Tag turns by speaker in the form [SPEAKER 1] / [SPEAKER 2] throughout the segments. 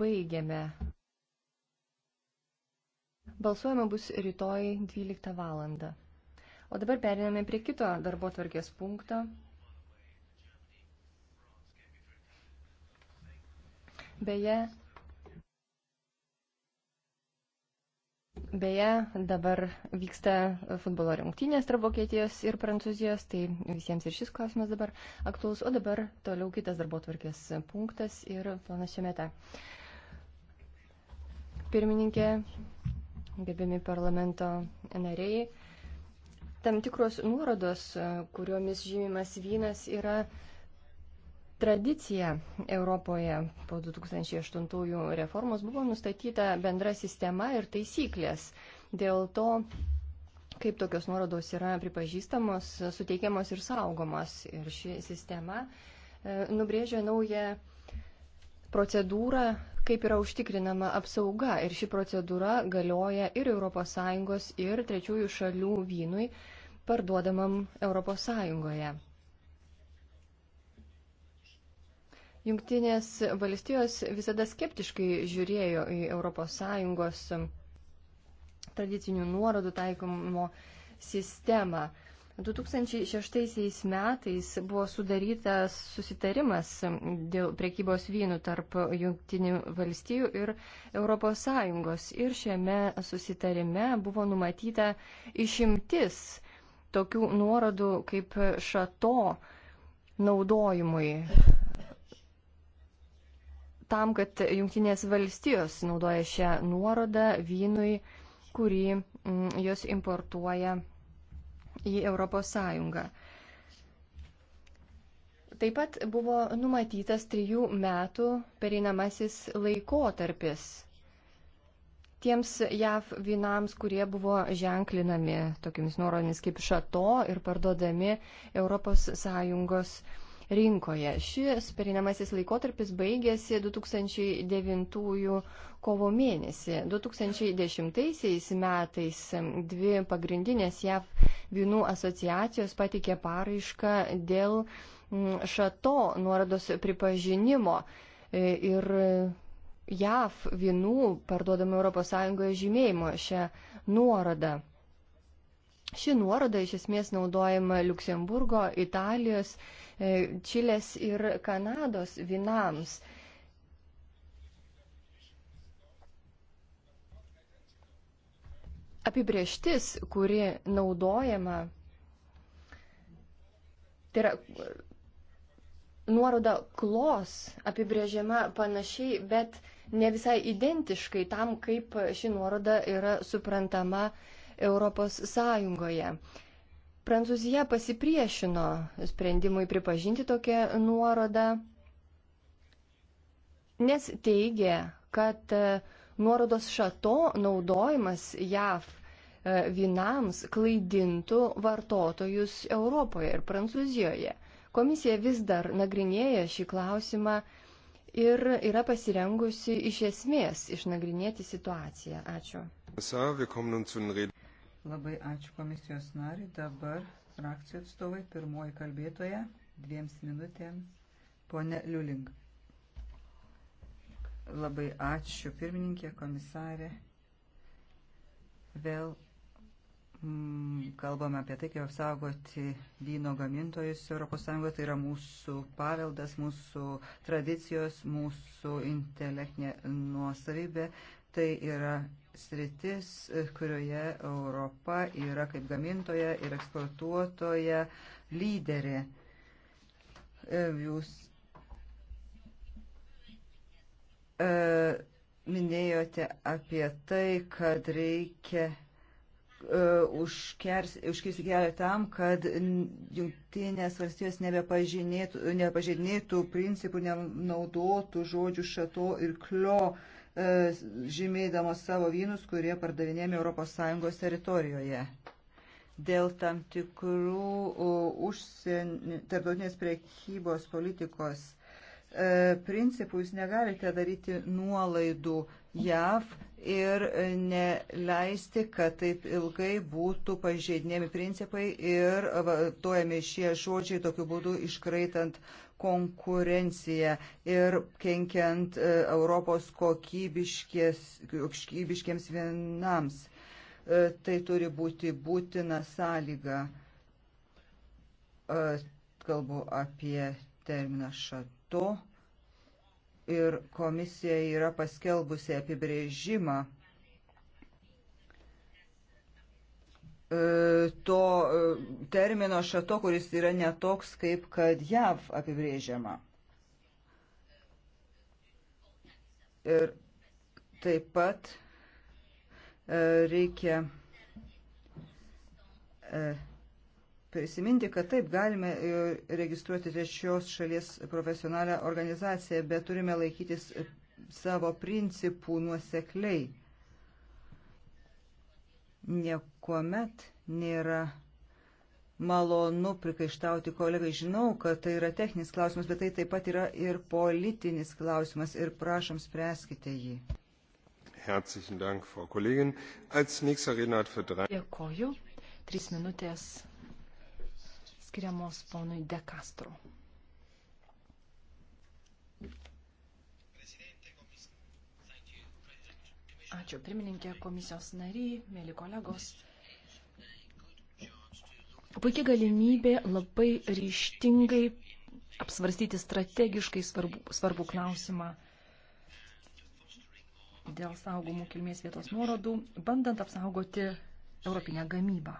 [SPEAKER 1] baigiame. Balsuojama bus rytoj 12 valandą. O dabar periname prie kito darbo tvarkės punkto. Beje, beje, dabar vyksta futbolo rungtynės tarp Vokietijos ir Prancūzijos, tai visiems ir šis klausimas dabar aktuolus. O dabar toliau kitas darbo tvarkės punktas ir planas šiame metą pirmininkė, gerbiami parlamento nariai. Tam tikros nuorodos, kuriomis žymimas vynas, yra tradicija Europoje po 2008 reformos buvo nustatyta bendra sistema ir taisyklės. Dėl to, kaip tokios nuorodos yra pripažįstamos, suteikiamos ir saugomos. Ir ši sistema e, nubrėžia naują procedūrą kaip yra užtikrinama apsauga ir ši procedūra galioja ir ES, ir trečiųjų šalių vynui parduodamam ES. Junktinės valstijos visada skeptiškai žiūrėjo į ES tradicinių nuorodų taikomo sistemą. 2006 metais buvo sudarytas susitarimas dėl priekybos vynų tarp Junktinių valstijų ir ES. Ir šiame susitarime buvo numatyta išimtis tokių nuorodų kaip šato naudojimui. Tam, kad Junktinės valstijos naudoja šią nuorodą vynui, kurį mm, jos importuoja į Europos Sąjungą. Taip pat buvo numatytas trijų metų pereinamasis laikotarpis tiems JAV vynams, kurie buvo ženklinami tokiamis nuoromis kaip šato ir parduodami ES rinkoje. Šis perinamasis laikotarpis baigėsi 2009 kovo mėnesį. 2010 metais dvi pagrindinės JAV vynų asociacijos patikė paraišką dėl mm, šato nuorodos pripažinimo. E, ir JAV vynų parduodami ES žymėjimo šią nuorodą. Ši nuoroda iš esmės naudojama Luksemburgo, Italijos E, Čilės ir Kanados vinams. Apibrieštis, kuri naudojama, tai yra nuoroda klos apibrėžiama panašiai, bet ne visai identiškai tam, kaip ši nuoroda yra suprantama Europos Sąjungoje. Prancūzija pasipriešino sprendimui pripažinti tokią nuorodą, nes teigė, kad e, nuorodos šato naudojimas JAV e, vynams klaidintų vartotojus Europoje ir Prancūzijoje. Komisija vis dar nagrinėja šį klausimą ir yra pasirengusi
[SPEAKER 2] iš esmės išnagrinėti situaciją.
[SPEAKER 1] Ačiū.
[SPEAKER 2] Labai ačiū komisijos nariui. Dabar frakcijų atstovai, pirmoji kalbėtoja, dviems minutėms, ponė Liuling. Labai ačiū pirmininkė, komisarė. Vėl mm, kalbame apie tai, kaip apsaugoti vyno gamintojus ES. Tai yra mūsų paveldas, mūsų tradicijos, mūsų intelektinė nuosavybė. Tai yra sritis, kurioje Europa yra kaip gamintoja ir eksportuotoja lyderė. E, jūs e, minėjote apie tai, kad reikia uh, užkirsti kelią tam, kad jungtinės valstijos nebepažinėtų, nebepažinėtų principų, nenaudotų žodžių šato ir klio uh, E, žymėdamos savo vynus, kurie pardavinėjami ES teritorijoje. Dėl tam tikrų užsienio tarptautinės priekybos politikos e, principų jūs negalite daryti nuolaidų JAV ir neleisti, kad taip ilgai būtų pažeidinėmi principai ir vartojami šie žodžiai tokiu būdu iškraitant konkurenciją ir kenkiant e, Europos kokybiškiems vienams. E, tai turi būti būtina sąlyga. E, kalbu apie terminą šato ir komisija yra paskelbusi apibrėžimą e, to e, termino šato, kuris yra netoks, kaip kad JAV apibrėžiama. Ir taip pat e, reikia prisiminti, kad taip galime e, registruoti trečios šalies profesionalią organizaciją, bet turime laikytis savo principų nuosekliai. Niekuomet nėra malonu prikaištauti kolegai. Žinau, kad tai yra techninis klausimas, bet tai taip pat yra ir politinis klausimas ir prašom spręskite jį.
[SPEAKER 1] Herzlichen Dank, Frau Kollegin. Als nächster Redner hat für drei.
[SPEAKER 3] Dėkoju. Tris minutės skiriamos ponui De Castro. Ačiū pirmininkė, komisijos nariai, mėly kolegos. Puikia galimybė labai ryštingai apsvarstyti strategiškai svarbų, svarbų klausimą dėl saugomų kilmės vietos nuorodų, bandant apsaugoti europinę gamybą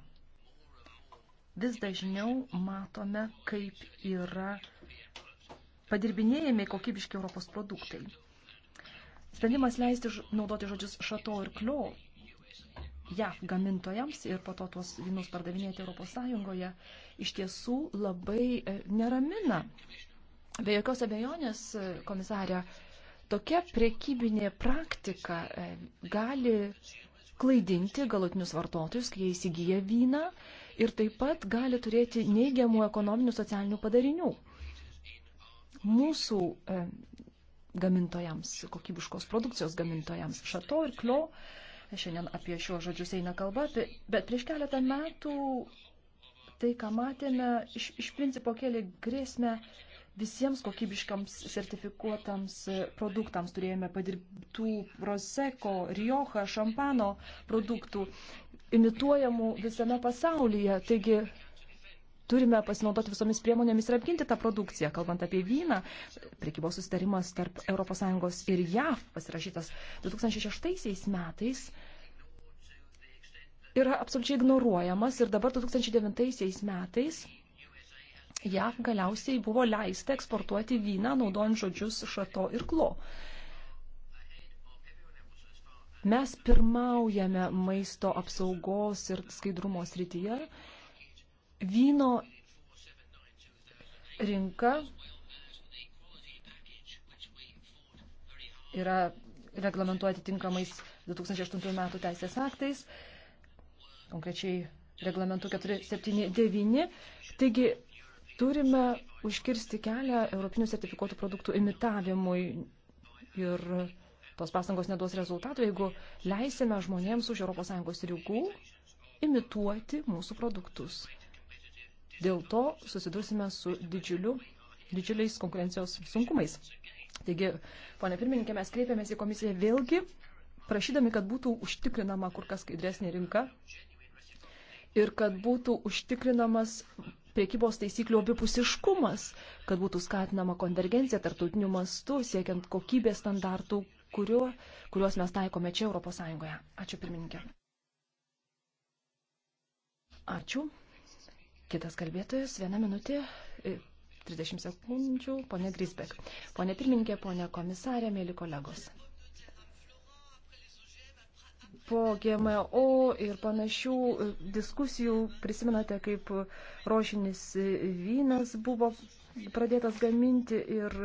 [SPEAKER 3] vis dažniau matome, kaip yra padirbinėjami kokybiški Europos produktai. Sprendimas leisti naudoti žodžius šato ir klio JAV gamintojams ir po to tuos vynus pardavinėti Europos Sąjungoje iš tiesų labai e, neramina. Be jokios abejonės, e, komisarė, tokia priekybinė praktika e, gali klaidinti galutinius vartotojus, kai jie įsigyja vyną ir taip pat gali turėti neigiamų ekonominių socialinių padarinių mūsų e, gamintojams, kokybiškos produkcijos gamintojams, šato ir klio. E, šiandien apie šiuos žodžius eina kalba, tai, bet prieš keletą metų tai, ką matėme, iš, iš principo kėlė grėsmę visiems kokybiškiams sertifikuotams e, produktams turėjome padirbtų Prosecco, Rioja, šampano produktų imituojamų visame pasaulyje. Taigi turime pasinaudoti visomis priemonėmis ir apginti tą produkciją. Kalbant apie vyną, prekybos susitarimas tarp ES ir JAV pasirašytas 2006 metais yra absoliučiai ignoruojamas ir dabar 2009 metais JAV galiausiai buvo leista eksportuoti vyną naudojant žodžius šato ir klo. Mes pirmaujame maisto apsaugos ir skaidrumo srityje. Vyno rinka yra reglamentuoti tinkamais 2008 metų teisės aktais, konkrečiai reglamentu 479. Taigi turime užkirsti kelią europinių sertifikuotų produktų imitavimui ir tos pastangos neduos rezultatų, jeigu leisime žmonėms už ES ribų imituoti mūsų produktus. Dėl to susidursime su didžiuliu, didžiuliais konkurencijos sunkumais. Taigi, ponė pirmininkė, mes kreipiamės į komisiją vėlgi, prašydami, kad būtų užtikrinama kur kas skaidresnė rinka ir kad būtų užtikrinamas priekybos taisyklių abipusiškumas, kad būtų skatinama konvergencija tarptautiniu mastu, siekiant kokybės standartų, kuriu, kuriuos mes taikome čia Europos Sąjungoje. Ačiū pirmininkė. Ačiū. Kitas kalbėtojas, viena minutė, 30 e, sekundžių, ponė Grisbek. Pone pirmininkė, ponė komisarė, mėly kolegos. Po GMO ir panašių e, diskusijų prisimenate, kaip rošinis e, vynas buvo pradėtas gaminti ir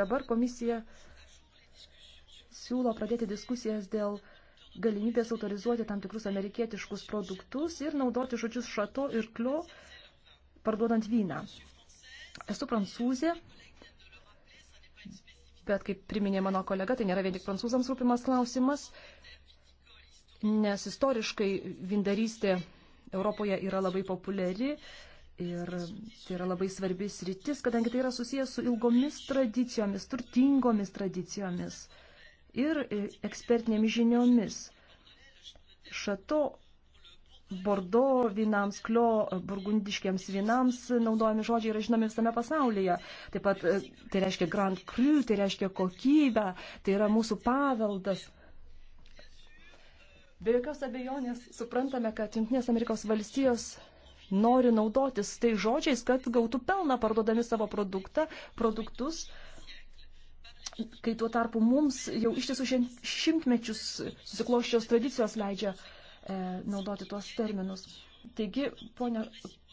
[SPEAKER 3] dabar komisija siūlo pradėti diskusijas dėl galimybės autorizuoti tam tikrus amerikietiškus produktus ir naudoti žodžius šato ir klio, parduodant vyną. Esu prancūzė, bet kaip priminė mano kolega, tai nėra vien tik prancūzams rūpimas klausimas, nes istoriškai vindarystė Europoje yra labai populiari. Ir tai yra labai svarbis rytis, kadangi tai yra susijęs su ilgomis tradicijomis, turtingomis tradicijomis ir e, ekspertinėmis žiniomis. Šato Bordo vynams, klio, burgundiškiams vynams naudojami žodžiai yra žinomi visame pasaulyje. Taip pat e, tai reiškia Grand Cru, tai reiškia kokybę, tai yra mūsų paveldas. Be jokios abejonės suprantame, kad Junktinės Amerikos valstijos nori naudotis tai žodžiais, kad gautų pelną parduodami savo produktą, produktus kai tuo tarpu mums jau iš tiesų šimtmečius susikloščios tradicijos leidžia e, naudoti tuos terminus. Taigi, ponia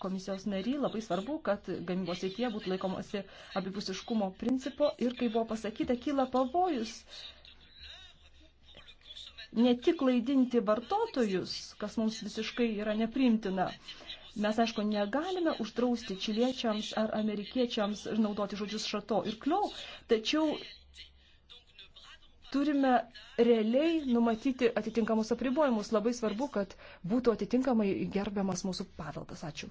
[SPEAKER 3] komisijos nary, labai svarbu, kad gamybos srityje būtų laikomasi abipusiškumo principo ir, kaip buvo pasakyta, kyla pavojus ne tik klaidinti vartotojus, kas mums visiškai yra nepriimtina. Mes, aišku, negalime uždrausti čiliečiams ar amerikiečiams naudoti žodžius šato ir kliau, tačiau turime realiai numatyti atitinkamus apribojimus. Labai svarbu, kad būtų atitinkamai gerbiamas mūsų paveldas. Ačiū.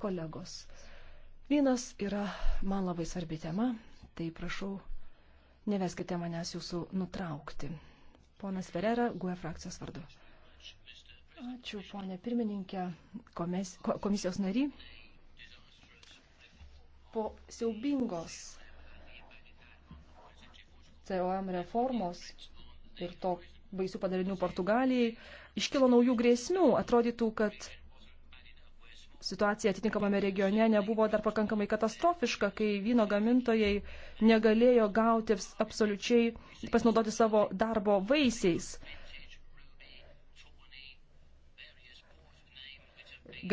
[SPEAKER 3] Kolegos, vynas yra man labai svarbi tema, tai prašau, neveskite manęs jūsų nutraukti. Ponas Ferrera, GUE frakcijos vardu. Ačiū, ponė pirmininkė, komisijos nary tapo siaubingos COM reformos ir to baisių padarinių Portugalijai, iškilo naujų grėsmių. Atrodytų, kad situacija atitinkamame regione nebuvo dar pakankamai katastrofiška, kai vyno gamintojai negalėjo gauti absoliučiai pasinaudoti savo darbo vaisiais.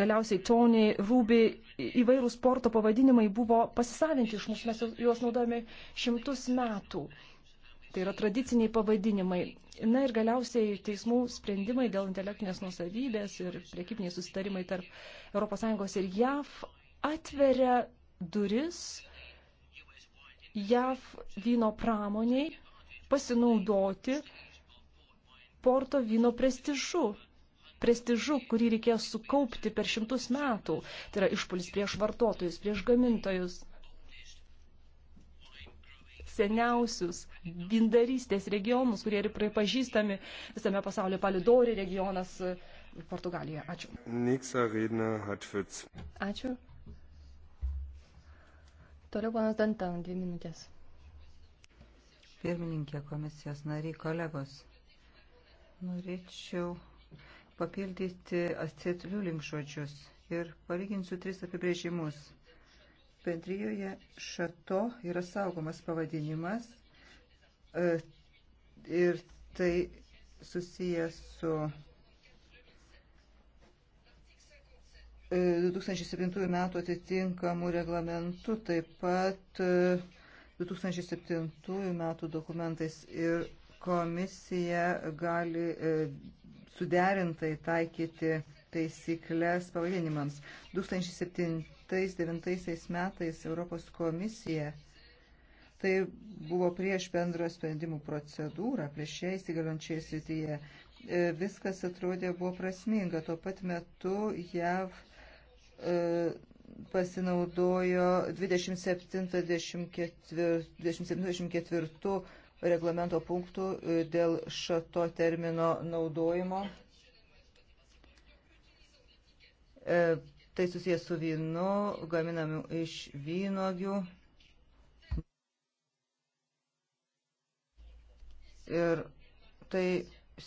[SPEAKER 3] Galiausiai Tony, Ruby įvairių sporto pavadinimai buvo pasisavinti iš mūsų, mes juos naudojame šimtus metų. Tai yra tradiciniai pavadinimai. Na ir galiausiai teismų sprendimai dėl intelektinės nusavybės ir priekybiniai susitarimai tarp ES ir JAV atveria duris JAV vyno pramoniai pasinaudoti porto vyno prestižu prestižu, kurį reikėjo sukaupti per šimtus metų. Tai yra išpolis prieš vartotojus, prieš gamintojus, seniausius vindarystės regionus, kurie yra pripažįstami visame pasaulyje, palidori regionas e, Portugalijoje.
[SPEAKER 1] Ačiū.
[SPEAKER 2] Ačiū. Toliau ponas Dantan, dvi minutės. Pirmininkė komisijos nariai, kolegos, norėčiau papildyti acetulių linkžodžius ir palyginsiu tris apibrėžimus. Bendrijoje šato yra saugomas pavadinimas e, ir tai susijęs su 2007 e, metų atitinkamų reglamentų, taip pat 2007 e, metų dokumentais ir komisija gali suderintai taikyti taisyklės pavadinimams. 2007-2009 metais Europos komisija tai buvo prieš bendro sprendimų procedūrą, prieš ją įsigaliojančiai srityje. E, viskas atrodė buvo prasminga. Tuo pat metu JAV e, pasinaudojo 27-24 reglamento punktų e, dėl šito termino naudojimo. E, tai susijęs su vynu, gaminami iš vynogių. Ir tai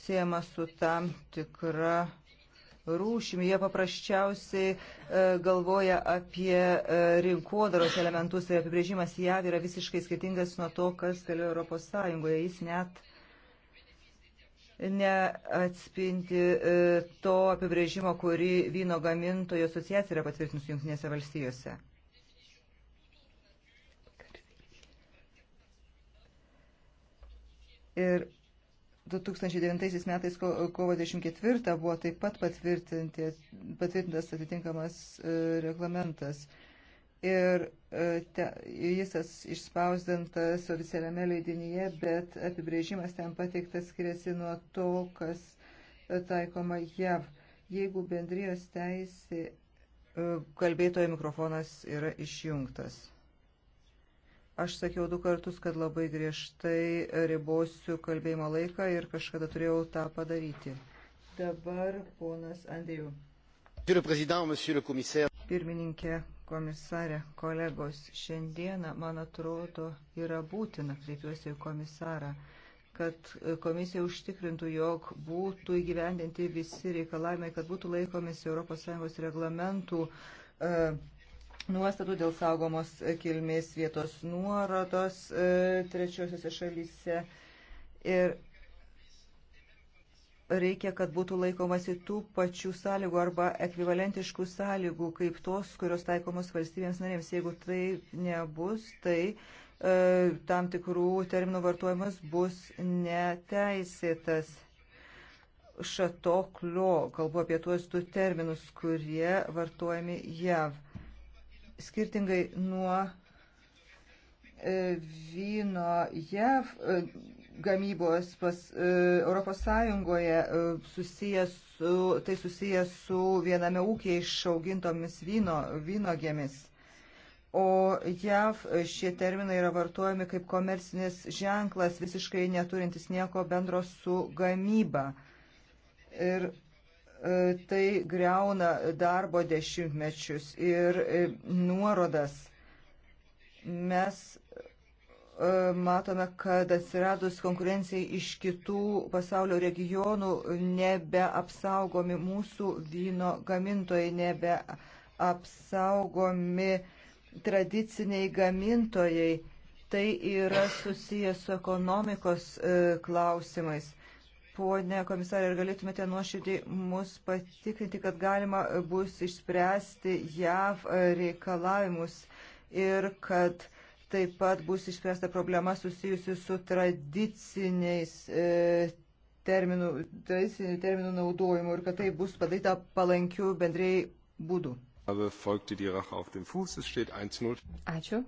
[SPEAKER 2] siejama su tam tikra rūšimi. Jie paprasčiausiai e, galvoja apie e, rinkodaros elementus ir apibrėžimas JAV yra visiškai skirtingas nuo to, kas galėjo Europos Sąjungoje. Jis net neatspinti e, to apibrėžimo, kurį vyno gamintojų asociacija yra patvirtinus Junktinėse valstijose. Ir 2009 metais kovo 24 buvo taip pat patvirtintas atitinkamas e, reglamentas. Ir e, te, jis išspausdintas oficialiame leidinyje, bet apibrėžimas ten pateiktas skiriasi nuo to, kas e, taikoma JAV. Jeigu bendrijos teisė, kalbėtojo mikrofonas yra išjungtas. Aš sakiau du kartus, kad labai griežtai ribosiu kalbėjimo laiką ir kažkada turėjau tą padaryti. Dabar ponas Andrėjų. Pirmininkė, komisarė, kolegos, šiandieną, man atrodo, yra būtina, kreipiuosi į komisarą, kad komisija užtikrintų, jog būtų įgyvendinti visi reikalavimai, kad būtų laikomis ES reglamentų. Uh, nuostatų dėl saugomos kilmės vietos nuorodos e, trečiosiuose šalyse. Ir reikia, kad būtų laikomasi tų pačių sąlygų arba ekvivalentiškų sąlygų, kaip tos, kurios taikomos valstybėms narėms. Jeigu tai nebus, tai e, tam tikrų terminų vartojimas bus neteisėtas šatoklio, kalbu apie tuos du terminus, kurie vartojami JAV skirtingai nuo e, vyno JAV e, gamybos pas e, Europos Sąjungoje susijęs su, tai susijęs su viename ūkiai išaugintomis vyno, vynogėmis. O JAV šie terminai yra vartojami kaip komercinis ženklas, visiškai neturintis nieko bendro su gamyba. Ir E, tai greuna darbo dešimtmečius ir e, nuorodas. Mes e, matome, kad atsiradus konkurencijai iš kitų pasaulio regionų nebeapsaugomi mūsų vyno gamintojai, nebeapsaugomi tradiciniai gamintojai. Tai yra susijęs su ekonomikos klausimais. Pone komisarė, ar galėtumėte nuoširdžiai mus patikrinti, kad galima bus išspręsti JAV reikalavimus ir kad taip pat bus išspręsta problema susijusi su tradiciniais e, terminų, tradicinių terminų naudojimu ir kad tai bus padaryta palankių bendrėjai būdų. Ačiū.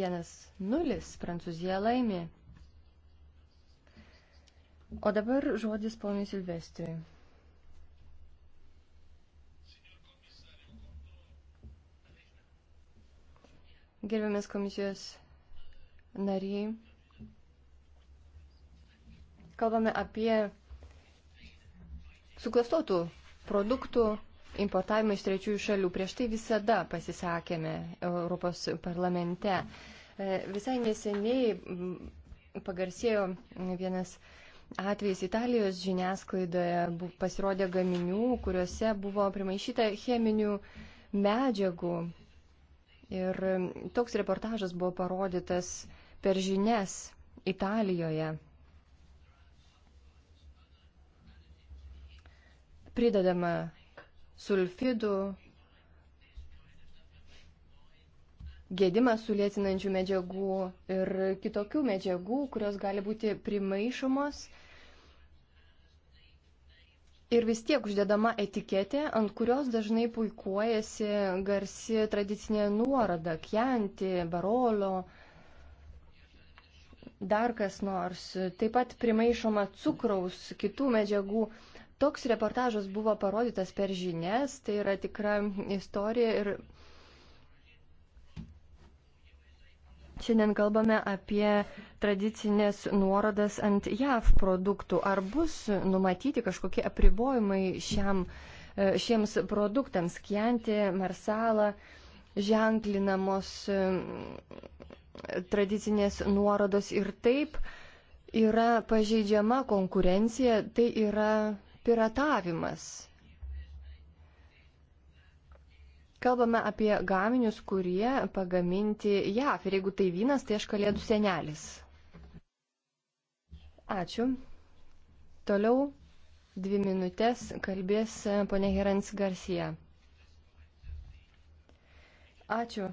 [SPEAKER 1] Vienas nulis, Prancūzija laimė. O dabar žodis ponui Silvestriui. Gerbiamės komisijos nariai, kalbame apie suklastotų produktų importavimą iš trečiųjų šalių. Prieš tai visada pasisakėme Europos parlamente. E, visai neseniai pagarsėjo vienas uh, atvejais Italijos žiniasklaidoje pasirodė gaminių, kuriuose buvo primaišyta cheminių medžiagų. Ir um, toks reportažas buvo parodytas per žinias Italijoje. Pridedama sulfidų, gedimą sulėtinančių medžiagų ir kitokių medžiagų, kurios gali būti primaišomos. Ir vis tiek uždedama etiketė, ant kurios dažnai puikuojasi garsi tradicinė nuoroda - kjanti, barolo, dar kas nors. Taip pat primaišoma cukraus, kitų medžiagų. Toks reportažas buvo parodytas per žinias, tai yra tikra istorija ir Šiandien kalbame apie tradicinės nuorodas ant JAV produktų. Ar bus numatyti kažkokie apribojimai šiam, e, šiems produktams? Kianti, Marsala ženklinamos e, tradicinės nuorodos ir taip yra pažeidžiama konkurencija, tai yra piratavimas. Kalbame apie gaminius, kurie pagaminti JAF. Ir jeigu tai vynas, tai aš kalėdų senelis. Ačiū. Toliau dvi minutės kalbės ponė Herans Garcia. Ačiū.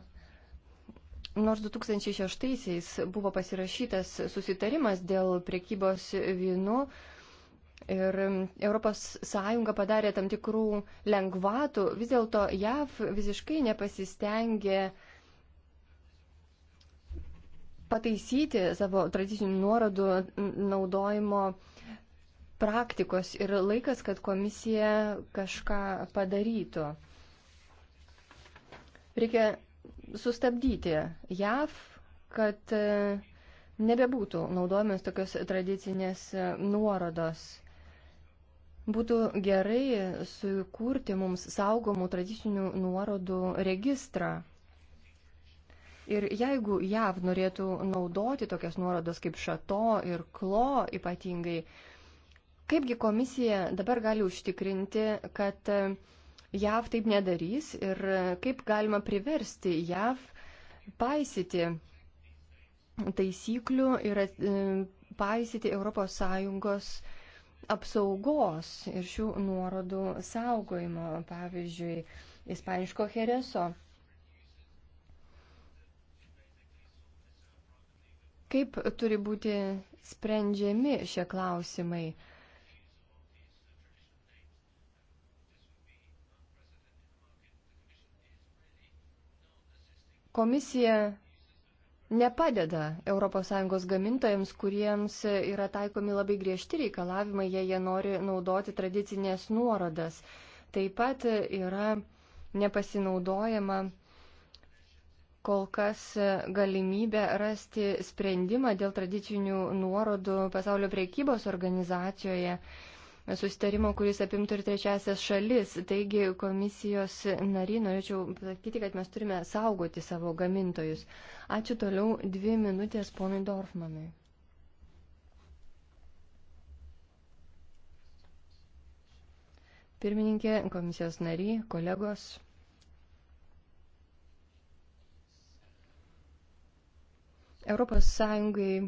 [SPEAKER 1] Nors 2006-aisiais buvo pasirašytas susitarimas dėl priekybos vynu, Ir ES padarė tam tikrų lengvatų, vis dėlto JAV visiškai nepasistengė pataisyti savo tradicinių nuorodų naudojimo praktikos ir laikas, kad komisija kažką padarytų. Reikia sustabdyti JAV, kad e, nebebūtų naudojamos tokios tradicinės e, nuorodos. Būtų gerai sukurti mums saugomų tradicinių nuorodų registrą. Ir jeigu JAV norėtų naudoti tokias nuorodas kaip šato ir klo ypatingai, kaipgi komisija dabar gali užtikrinti, kad JAV taip nedarys ir kaip galima priversti JAV paisyti taisyklių ir e, paisyti ES apsaugos ir šių nuorodų saugojimo, pavyzdžiui, ispaniško hereso. Kaip turi būti sprendžiami šie klausimai? Komisija nepadeda ES gamintojams, kuriems yra taikomi labai griežti reikalavimai, jei jie nori naudoti tradicinės nuorodas. Taip pat yra nepasinaudojama kol kas galimybė rasti sprendimą dėl tradicinių nuorodų pasaulio priekybos organizacijoje susitarimo, kuris apimtų ir trečiasias šalis. Taigi, komisijos nariai, norėčiau pasakyti, kad mes turime saugoti savo gamintojus. Ačiū toliau dvi minutės ponui Dorfmanui. Pirmininkė, komisijos nariai, kolegos. Europos Sąjungai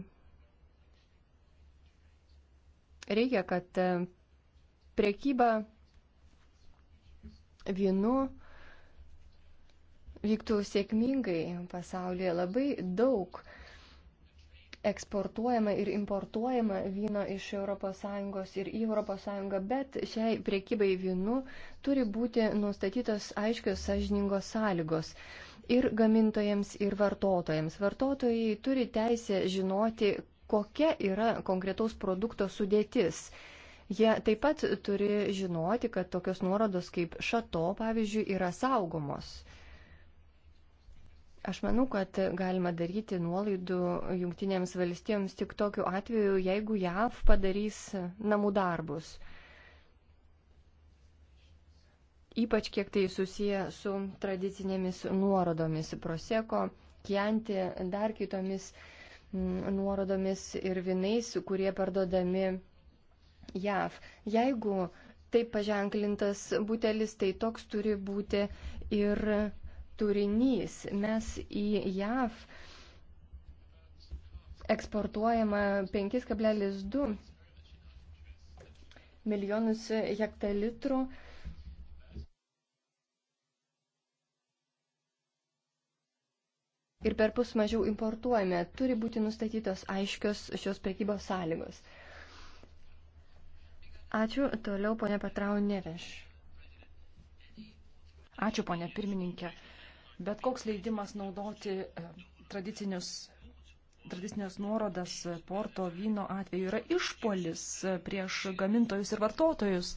[SPEAKER 1] reikia, kad priekyba vynu vyktų sėkmingai pasaulyje labai daug eksportuojama ir importuojama vyno iš ES ir į ES, bet šiai priekybai vynu turi būti nustatytos aiškios sažiningos sąlygos ir gamintojams, ir vartotojams. Vartotojai turi teisę žinoti, kokia yra konkretaus produkto sudėtis. Jie taip pat turi žinoti, kad tokios nuorodos kaip šato, pavyzdžiui, yra saugomos. Aš manau, kad galima daryti nuolaidų jungtinėms valstijoms tik tokiu atveju, jeigu JAV padarys namų darbus. Ypač kiek tai susiję su tradicinėmis nuorodomis proseko, kianti, dar kitomis mm, nuorodomis ir vinais, kurie parduodami JAV. Jeigu taip paženklintas butelis, tai toks turi būti ir turinys. Mes į JAV eksportuojama 5,2 milijonus hektalitrų. Ir per pus mažiau importuojame. Turi būti nustatytos aiškios šios prekybos sąlygos. Ačiū. Toliau ponia Petrau Neveš. Ačiū ponia pirmininkė. Bet koks leidimas
[SPEAKER 3] naudoti e, tradicinius tradicinės nuorodas porto vyno atveju yra išpolis e, prieš gamintojus ir vartotojus.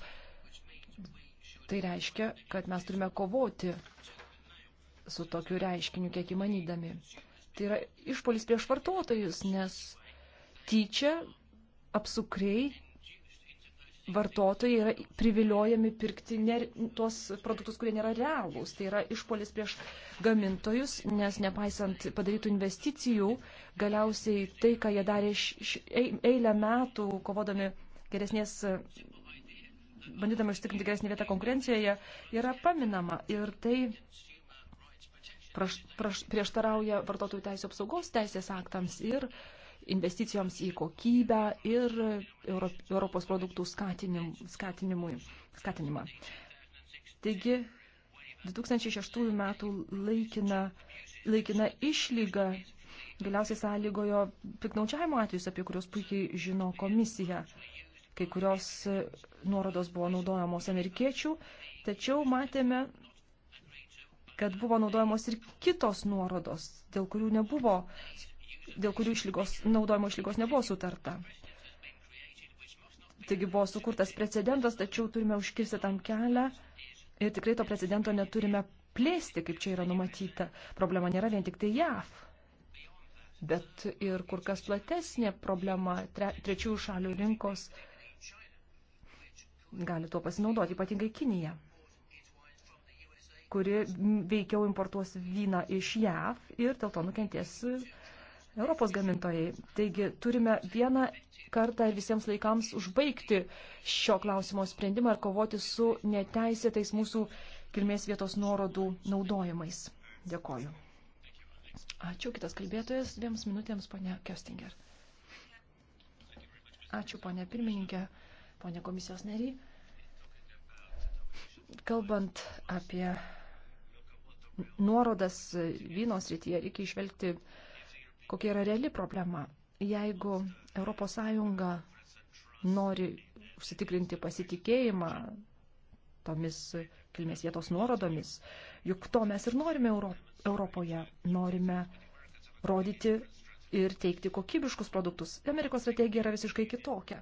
[SPEAKER 3] Tai reiškia, kad mes turime kovoti su tokiu reiškiniu, kiek įmanydami. Tai yra išpolis prieš vartotojus, nes tyčia apsukriai vartotojai yra priviliojami pirkti ne, tuos produktus, kurie nėra realūs. Tai yra išpolis prieš gamintojus, nes nepaisant padarytų investicijų, galiausiai tai, ką jie darė š, eilę metų, kovodami geresnės, bandydami užtikrinti geresnį vietą konkurencijoje, yra paminama. Ir tai praš, praš, prieštarauja vartotojų teisų apsaugos teisės aktams ir uh, investicijoms į kokybę ir Europos produktų skatinim, skatinimui, skatinimą. Taigi 2006 metų laikina, laikina išlyga galiausiai sąlygojo piknaučiavimo atvejus, apie kuriuos puikiai žino komisija. Kai kurios nuorodos buvo naudojamos amerikiečių, tačiau matėme, kad buvo naudojamos ir kitos nuorodos, dėl kurių nebuvo dėl kurių išlygos, naudojimo išlygos nebuvo sutarta. Taigi buvo sukurtas precedentas, tačiau turime užkirsti tam kelią ir tikrai to precedento neturime plėsti, kaip čia yra numatyta. Problema nėra vien tik tai JAV, bet ir kur kas platesnė problema tre, trečiųjų šalių rinkos gali tuo pasinaudoti, ypatingai Kinija kuri veikiau importuos vyną iš JAV ir dėl to nukentės Europos gamintojai. Taigi turime vieną kartą ir visiems laikams užbaigti šio klausimo sprendimą ir kovoti su neteisėtais mūsų kilmės vietos nuorodų naudojimais. Dėkoju. Ačiū, kitas kalbėtojas, dviems minutėms, ponia Kestinger. Ačiū, ponia pirmininkė, ponia komisijos nariai. Kalbant apie nuorodas vynos rytyje, reikia išvelgti uh, kokia yra reali problema. Jeigu ES nori užsitikrinti pasitikėjimą tomis kilmės vietos nuorodomis, juk to mes ir norime Euro Europoje, norime rodyti ir teikti kokybiškus produktus. Amerikos strategija yra visiškai kitokia.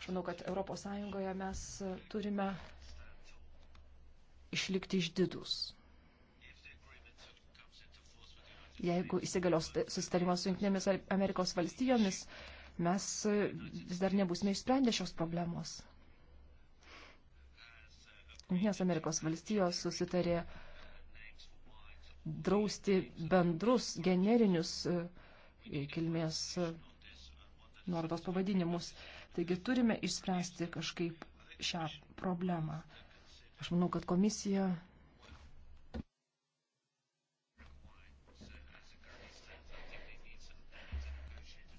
[SPEAKER 3] Aš manau, kad ES mes turime išlikti išdidus jeigu įsigalios susitarimas su Junktinėmis Amerikos valstijomis, mes e, vis dar nebūsime išsprendę šios problemos. Junktinės Amerikos valstijos susitarė drausti bendrus generinius e, kilmės e, nuorodos pavadinimus. Taigi turime išspręsti kažkaip šią problemą. Aš manau, kad komisija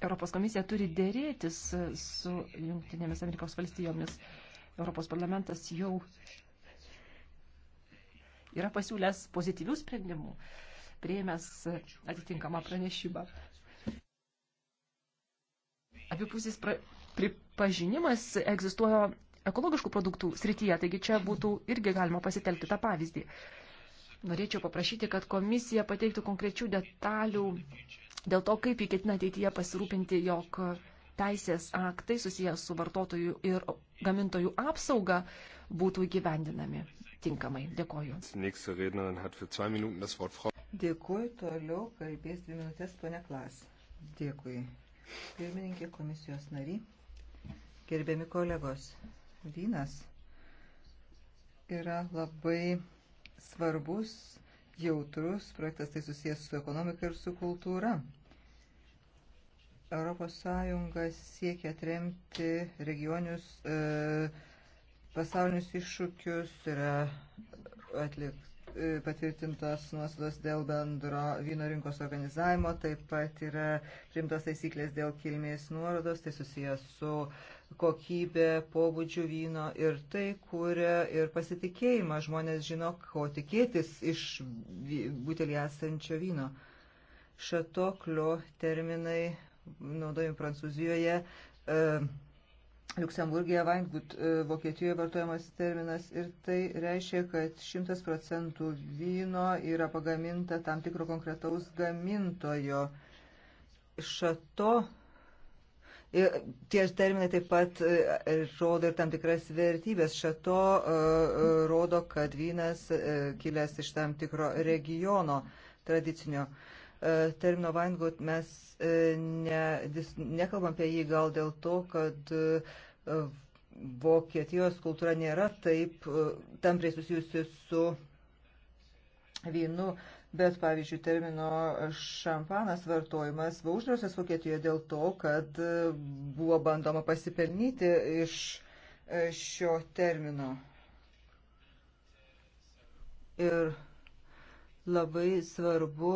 [SPEAKER 3] Europos komisija turi dėrėtis su Junktinėmis Amerikos valstijomis. Europos parlamentas jau yra pasiūlęs pozityvių sprendimų, prieimęs atitinkamą pranešimą. Abipusis pra, pripažinimas egzistuoja ekologiškų produktų srityje, taigi čia būtų irgi galima pasitelkti tą pavyzdį. Norėčiau paprašyti, kad komisija pateiktų konkrečių detalių dėl to, kaip jį ketina ateityje pasirūpinti, jog teisės aktai susijęs su vartotojų ir gamintojų apsauga būtų
[SPEAKER 2] įgyvendinami tinkamai. Dėkoju. Dėkoju, toliau kalbės dvi minutės ponia Klas. Dėkui. Pirmininkė komisijos nari, gerbiami kolegos, vynas yra labai svarbus, jautrus projektas, tai susijęs su ekonomika ir su kultūra. ES siekia atremti regionius e, pasaulinius iššūkius, yra atlik, e, patvirtintos nuostatos dėl bendro vyno rinkos organizavimo, taip pat yra primtos taisyklės dėl kilmės nuorodos, tai susijęs su kokybė, pobūdžių vyno ir tai kūrė ir pasitikėjimą, žmonės žino, ko tikėtis iš butelį esančio vyno. Šatoklio terminai naudojami Prancūzijoje, e, Luksemburgija, Weingut, e, Vokietijoje vartojamas terminas ir tai reiškia, kad 100 procentų vyno yra pagaminta tam tikro konkretaus gamintojo šato. Ir e, tie terminai taip pat rodo ir tam tikras vertybės. Šato rodo, kad vynas kilęs iš tam tikro regiono tradicinio. Uh, E, termino Weingut mes e, ne, nekalbam apie jį gal dėl to, kad e, Vokietijos kultūra nėra taip tampriai susijusi su vynu, bet, pavyzdžiui, termino šampanas vartojimas buvo uždraustas Vokietijoje dėl to, kad buvo bandoma pasipelnyti iš šio termino. Ir labai svarbu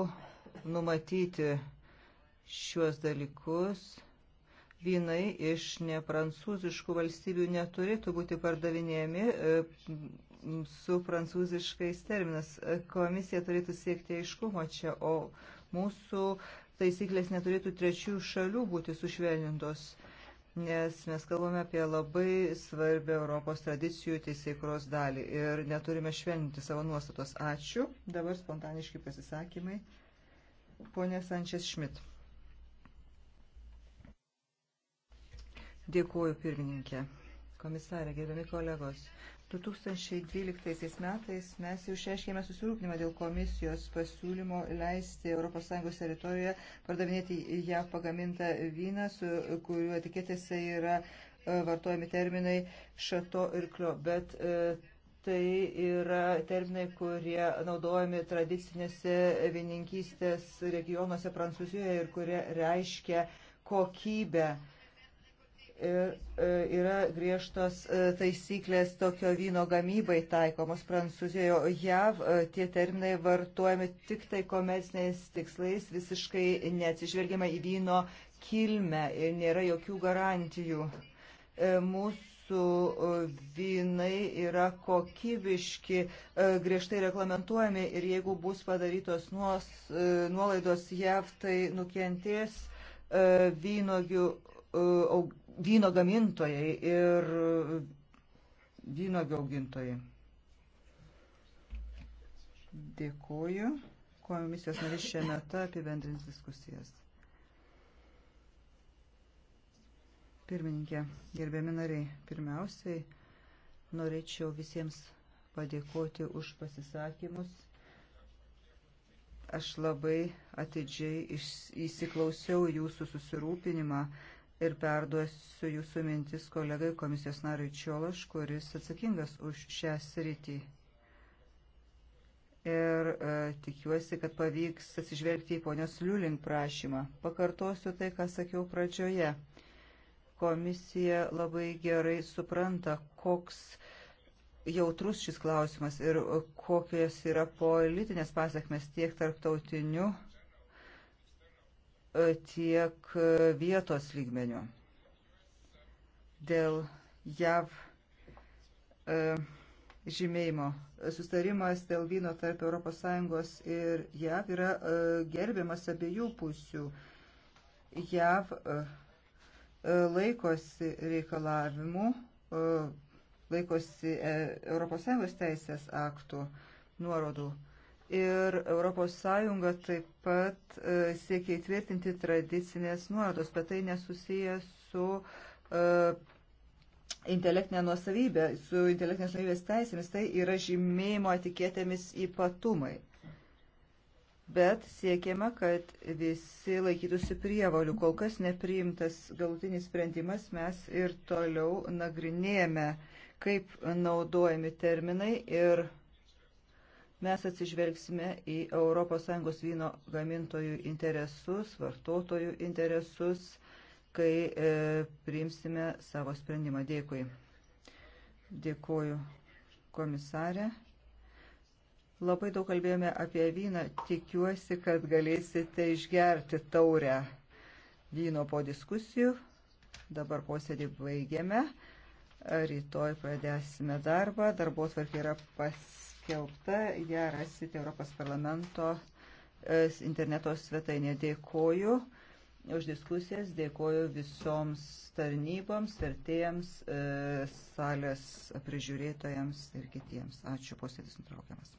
[SPEAKER 2] numatyti šiuos dalykus. Vynai iš neprancūziškų valstybių neturėtų būti pardavinėjami e, su prancūziškais terminas. Komisija turėtų siekti aiškumo čia, o mūsų taisyklės neturėtų trečių šalių būti sušvelnintos, nes mes kalbame apie labai svarbę Europos tradicijų teisėkros dalį ir neturime švelninti savo nuostatos. Ačiū. Dabar spontaniški pasisakymai. Pone Sančias Šmit. Dėkuoju pirmininkė. Komisarė, gerbiami kolegos, 2012 metais mes jau išreiškėme susirūpinimą dėl komisijos pasiūlymo leisti ES teritorijoje pardavinėti JAV pagamintą vyną, su kuriuo etiketėse yra e, vartojami terminai šato ir klio, bet e, Tai yra terminai, kurie naudojami tradicinėse vieningystės regionuose Prancūzijoje ir kurie reiškia kokybę. Ir e, yra griežtos e, taisyklės tokio vyno gamybai taikomos Prancūzijoje. O JAV e, tie terminai vartojami tik tai komerciniais tikslais, visiškai neatsižvelgiama į vyno kilmę ir nėra jokių garantijų. Mūsų mūsų e, vynai yra kokybiški, e, griežtai reglamentuojami ir jeigu bus padarytos nuos, e, nuolaidos JAV, tai nukentės vynogių, vyno gamintojai ir vynogių augintojai. Dėkuoju. Komisijos narys šiame etape apibendrins diskusijas. Pirmininkė, gerbėmi nariai, pirmiausiai norėčiau visiems padėkoti už pasisakymus. Aš labai atidžiai įsiklausiau jūsų susirūpinimą ir perduosiu jūsų mintis kolegai komisijos nariui Čiolaš, kuris atsakingas už šią sritį. Ir e, tikiuosi, kad pavyks atsižvelgti į ponios Liulink prašymą. Pakartosiu tai, ką sakiau pradžioje. Komisija labai gerai supranta, koks jautrus šis klausimas ir kokios yra politinės pasiekmes tiek tarptautiniu, e, tiek vietos lygmeniu. Dėl JAV e, žymėjimo. Sustarimas dėl vyno tarp ES ir JAV yra e, gerbiamas abiejų pusių. JAV E, laikosi reikalavimų, e, laikosi ES teisės aktų nuorodų. Ir ES taip pat e, siekia įtvirtinti tradicinės nuorodos, bet tai nesusiję su uh, intelektinė nuosavybė, su intelektinės nuosavybės teisėmis, tai yra žymėjimo etiketėmis ypatumai bet siekiama, kad visi laikytųsi prievalių. Kol kas nepriimtas galutinis sprendimas, mes ir toliau nagrinėjame, kaip naudojami terminai ir mes atsižvelgsime į ES vyno gamintojų interesus, vartotojų interesus, kai e, priimsime savo sprendimą. Dėkui. Dėkuoju komisarė. Labai daug kalbėjome apie vyną. Tikiuosi, kad galėsite išgerti taurę vyno po diskusijų. Dabar posėdį baigiame. Rytoj pradėsime darbą. Darbo tvarkė yra paskelbta. Ja rasite Europos parlamento e, interneto svetainė. Dėkoju už diskusijas, dėkoju visoms tarnyboms, vertėjams, e, salės prižiūrėtojams ir kitiems. Ačiū, posėdis nutraukiamas.